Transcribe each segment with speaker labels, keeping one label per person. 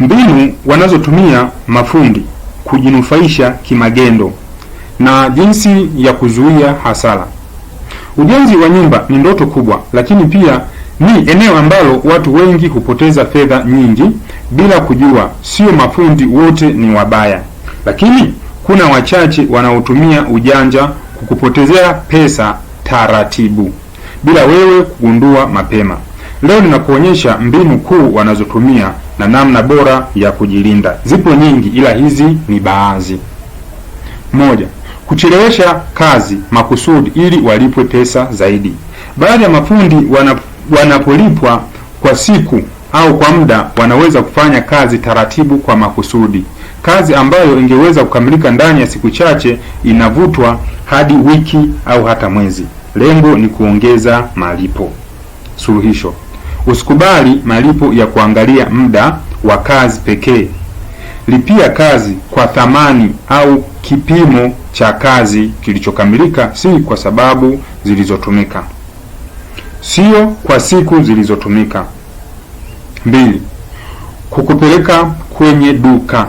Speaker 1: mbinu wanazotumia mafundi kujinufaisha kimagendo na jinsi ya kuzuia hasara. Ujenzi wa nyumba ni ndoto kubwa, lakini pia ni eneo ambalo watu wengi hupoteza fedha nyingi bila kujua. Sio mafundi wote ni wabaya, lakini kuna wachache wanaotumia ujanja kukupotezea pesa taratibu bila wewe kugundua mapema. Leo ninakuonyesha mbinu kuu wanazotumia na namna bora ya kujilinda. Zipo nyingi ila hizi ni baadhi. Moja, kuchelewesha kazi makusudi ili walipwe pesa zaidi. Baadhi ya mafundi wana, wanapolipwa kwa siku au kwa muda wanaweza kufanya kazi taratibu kwa makusudi. Kazi ambayo ingeweza kukamilika ndani ya siku chache inavutwa hadi wiki au hata mwezi. Lengo ni kuongeza malipo. Suluhisho: Usikubali malipo ya kuangalia muda wa kazi pekee. Lipia kazi kwa thamani au kipimo cha kazi kilichokamilika, si kwa sababu zilizotumika, sio kwa siku zilizotumika. Mbili, kukupeleka kwenye duka.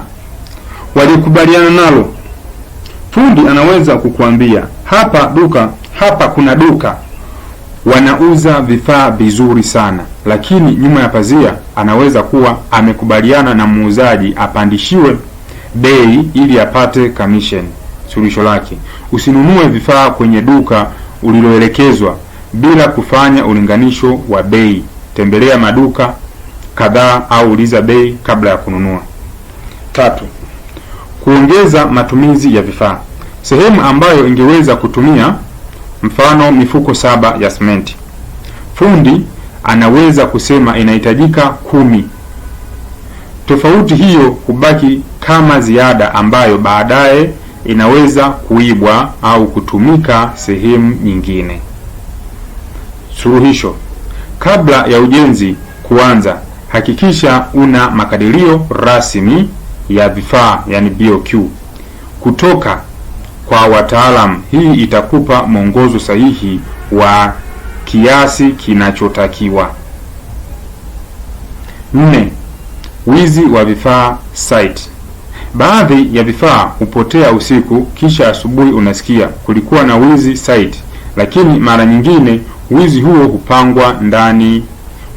Speaker 1: Walikubaliana nalo. Fundi anaweza kukuambia hapa duka, hapa kuna duka wanauza vifaa vizuri sana, lakini nyuma ya pazia anaweza kuwa amekubaliana na muuzaji apandishiwe bei ili apate commission. Suluhisho lake, usinunue vifaa kwenye duka uliloelekezwa bila kufanya ulinganisho wa bei. Tembelea maduka kadhaa au uliza bei kabla ya kununua. Tatu, kuongeza matumizi ya vifaa. Sehemu ambayo ingeweza kutumia mfano mifuko saba ya simenti. Fundi anaweza kusema inahitajika kumi. Tofauti hiyo hubaki kama ziada ambayo baadaye inaweza kuibwa au kutumika sehemu nyingine. Suluhisho: kabla ya ujenzi kuanza, hakikisha una makadirio rasmi ya vifaa, yani BOQ kutoka kwa wataalam. Hii itakupa mwongozo sahihi wa kiasi kinachotakiwa. Nne, wizi wa vifaa site. Baadhi ya vifaa hupotea usiku, kisha asubuhi unasikia kulikuwa na wizi site, lakini mara nyingine wizi huo hupangwa ndani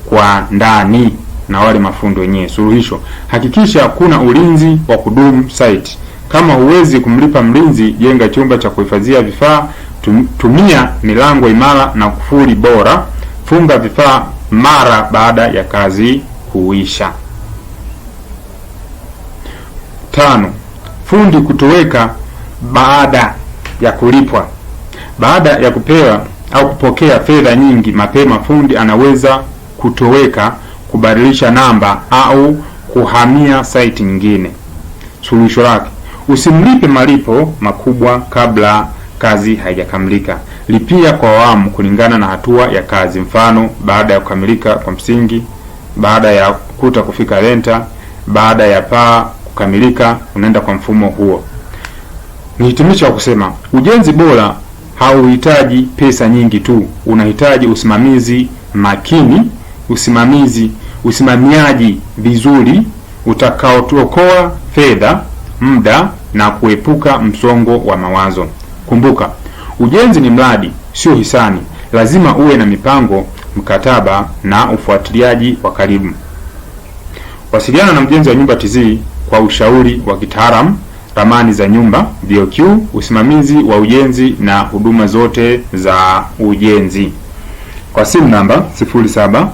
Speaker 1: kwa ndani na wale mafundi wenyewe. Suluhisho: hakikisha kuna ulinzi wa kudumu site. Kama huwezi kumlipa mlinzi, jenga chumba cha kuhifadhia vifaa, tumia milango imara na kufuli bora, funga vifaa mara baada ya kazi kuisha. Tano, fundi kutoweka baada ya kulipwa. Baada ya kupewa au kupokea fedha nyingi mapema, fundi anaweza kutoweka, kubadilisha namba au kuhamia site nyingine. Suluhisho lake Usimlipe malipo makubwa kabla kazi haijakamilika. Lipia kwa awamu kulingana na hatua ya kazi, mfano baada ya kukamilika kwa msingi, baada ya kuta kufika lenta, baada ya paa kukamilika, unaenda kwa mfumo huo. nihitimisho wa kusema ujenzi bora hauhitaji pesa nyingi tu, unahitaji usimamizi makini, usimamizi usimamiaji vizuri utakaotuokoa fedha muda na kuepuka msongo wa mawazo. Kumbuka, ujenzi ni mradi, sio hisani. Lazima uwe na mipango, mkataba na ufuatiliaji wa karibu. Wasiliana na Mjenzi wa Nyumba TZ kwa ushauri wa kitaalamu, ramani za nyumba, voq usimamizi wa ujenzi na huduma zote za ujenzi, kwa simu namba 12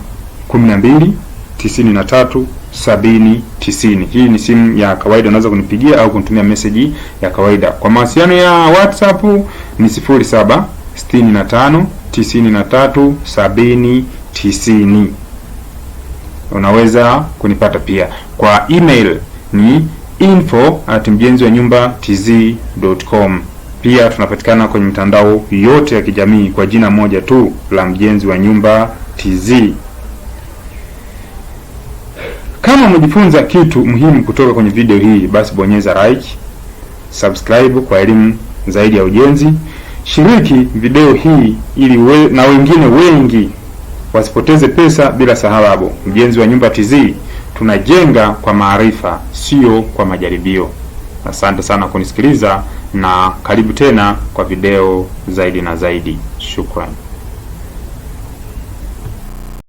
Speaker 1: 93 sabini tisini. Hii ni simu ya kawaida, unaweza kunipigia au kunitumia meseji ya kawaida. Kwa mawasiliano ya WhatsApp ni sifuri saba sitini na tano tisini na tatu sabini tisini. Unaweza kunipata pia kwa email ni info at mjenzi wa nyumba tz.com. Pia tunapatikana kwenye mitandao yote ya kijamii kwa jina moja tu la Mjenzi wa Nyumba TZ. Kama umejifunza kitu muhimu kutoka kwenye video hii, basi bonyeza like, subscribe kwa elimu zaidi ya ujenzi. Shiriki video hii ili we, na wengine wengi wasipoteze pesa bila sababu. Mjenzi wa Nyumba TZ tunajenga kwa maarifa, sio kwa majaribio. Asante sana kunisikiliza na karibu tena kwa video zaidi na zaidi. Shukrani.